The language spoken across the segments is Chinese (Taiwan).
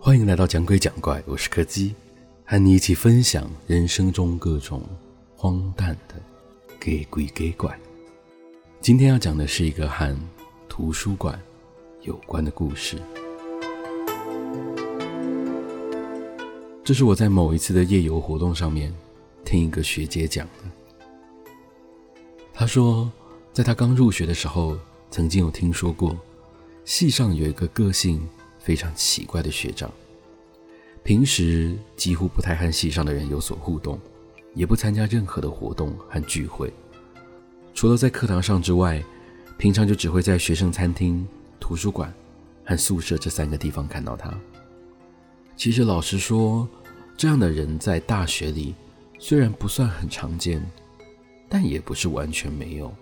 歡迎來到講鬼講怪，我是柯基，和你一起分享人生中各種荒誕的假鬼假怪。今天要講的是一個和圖書館有關的故事。這是我在某一次的夜遊活動上面聽一個學姐講的。他說，在他剛入學的時候，曾經有聽說過，系上有一個個性非常奇怪的學長，平時幾乎不太和系上的人有所互動，也不參加任何的活動和聚會，除了在課堂上之外，平常就只會在學生餐廳、圖書館和宿舍這三個地方看到他。其實老實說，這樣的人在大學裡雖然不算很常見。但也不是完全沒有，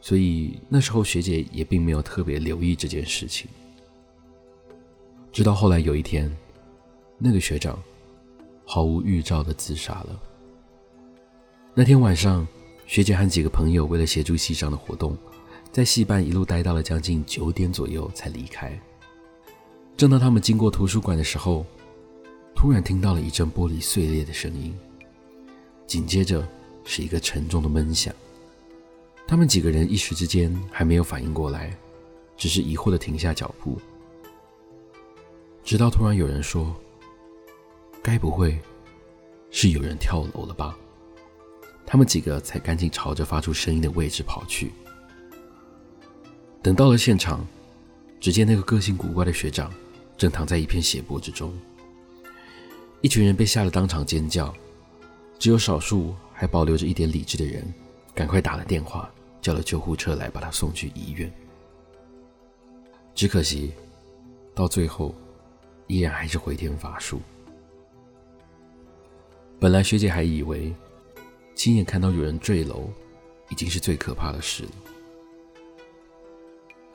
所以那時候學姐也並沒有特別留意這件事情。直到後來有一天，那個學長毫無預兆地自殺了。那天晚上，學姐和幾個朋友為了協助系上的活動，在系辦一路待到了將近九點左右才離開。正當他們經過圖書館的時候，突然聽到了一陣玻璃碎裂的聲音，緊接着，是一個沉重的悶響，他們幾個人一時之間還沒有反應過來，只是疑惑地停下腳步。直到突然有人說：“該不會是有人跳樓了吧？”他們幾個才趕緊朝着發出聲音的位置跑去。等到了現場，只見那個個性古怪的學長正躺在一片血泊之中，一群人被嚇得當場尖叫，只有少數。還保留着一點理智的人，趕快打了電話，叫了救護車來把他送去醫院。只可惜，到最後，依然還是回天乏術。本來學姐還以為，親眼看到有人墜樓，已經是最可怕的事了。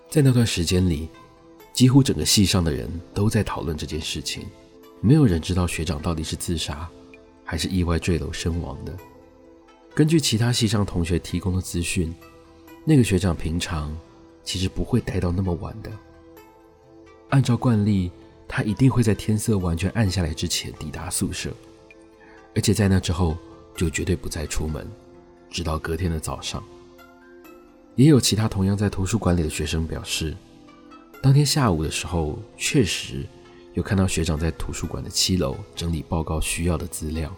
在那段時間裡，幾乎整個系上的人都在討論這件事情，沒有人知道學長到底是自殺，還是意外墜樓身亡的。根據其他系上同學提供的資訊，那個學長平常其實不會待到那麼晚的。按照慣例，他一定會在天色完全暗下來之前抵達宿舍，而且在那之後就絕對不再出門，直到隔天的早上。也有其他同樣在圖書館裡的學生表示，當天下午的時候確實有看到學長在圖書館的七樓整理報告需要的資料。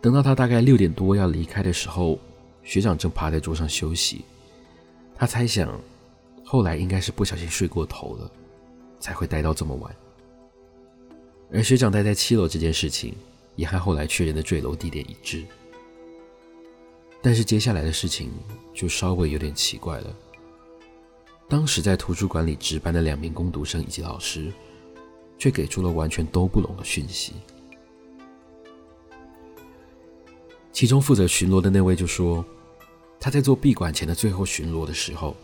等到他大概六點多要離開的時候，學長正趴在桌上休息。他猜想，後來應該是不小心睡過頭了，才會待到這麼晚。而學長待在七樓這件事情，也和後來確認的墜樓地點一致。但是接下來的事情就稍微有點奇怪了。當時在圖書館裡值班的兩名工讀生以及老師，卻給出了完全都不同的訊息。其中負責巡邏的那位就說，他在做閉館前的最後巡邏的時候，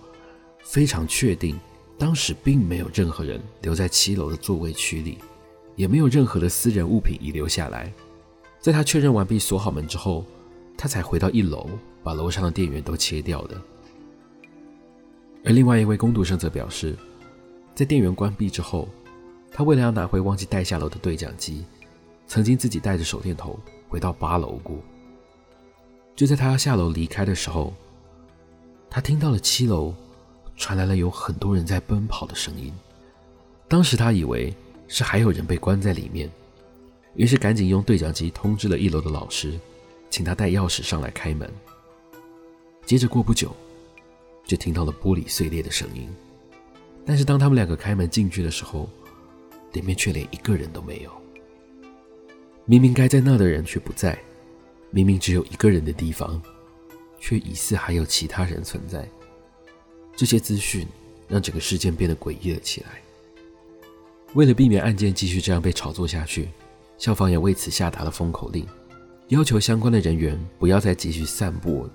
非常確定當時並沒有任何人留在七樓的座位區裡，也沒有任何的私人物品遺留下來。在他確認完畢、鎖好門之後，他才回到一樓把樓上的電源都切掉的。而另外一位工讀生則表示，在電源關閉之後，他為了要拿回忘記帶下樓的對講機，曾經自己帶着手電筒回到八樓過。就在他下樓離開的時候，他聽到了七樓傳來了有很多人在奔跑的聲音。當時他以為是還有人被關在裡面，於是趕緊用對講機通知了一樓的老師，請他帶鑰匙上來開門。接着過不久，就聽到了玻璃碎裂的聲音。但是當他們兩個開門進去的時候，裡面卻連一個人都沒有。明明該在那的人卻不在。明明只有一個人的地方，卻疑似還有其他人存在。這些資訊讓整個事件變得詭異了起來。為了避免案件繼續這樣被炒作下去，校方也為此下達了封口令，要求相關的人員不要再繼續散布，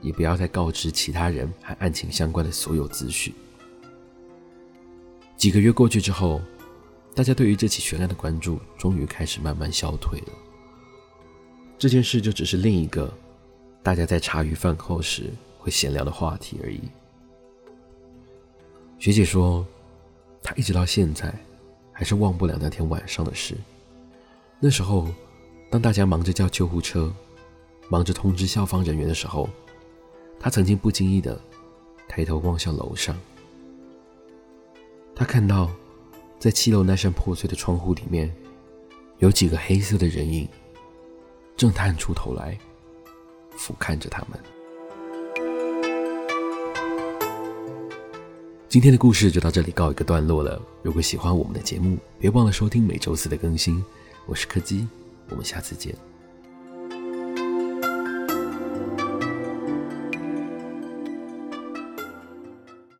也不要再告知其他人和案情相關的所有資訊。幾個月過去之後，大家對於這起懸案的關注終於開始慢慢消退了。這件事就只是另一個大家在茶餘飯後時會閒聊的話題而已。學姐說，她一直到現在還是忘不了那天晚上的事。那時候，當大家忙着叫救護車、忙着通知校方人員的時候，她曾經不經意地抬頭望向樓上。她看到，在七樓那扇破碎的窗戶裡面，有幾個黑色的人影，正探出頭來，俯瞰着他們。今天的故事就到這裡告一個段落了。如果喜歡我們的節目，別忘了收聽每週四的更新。我是柯基，我們下次見。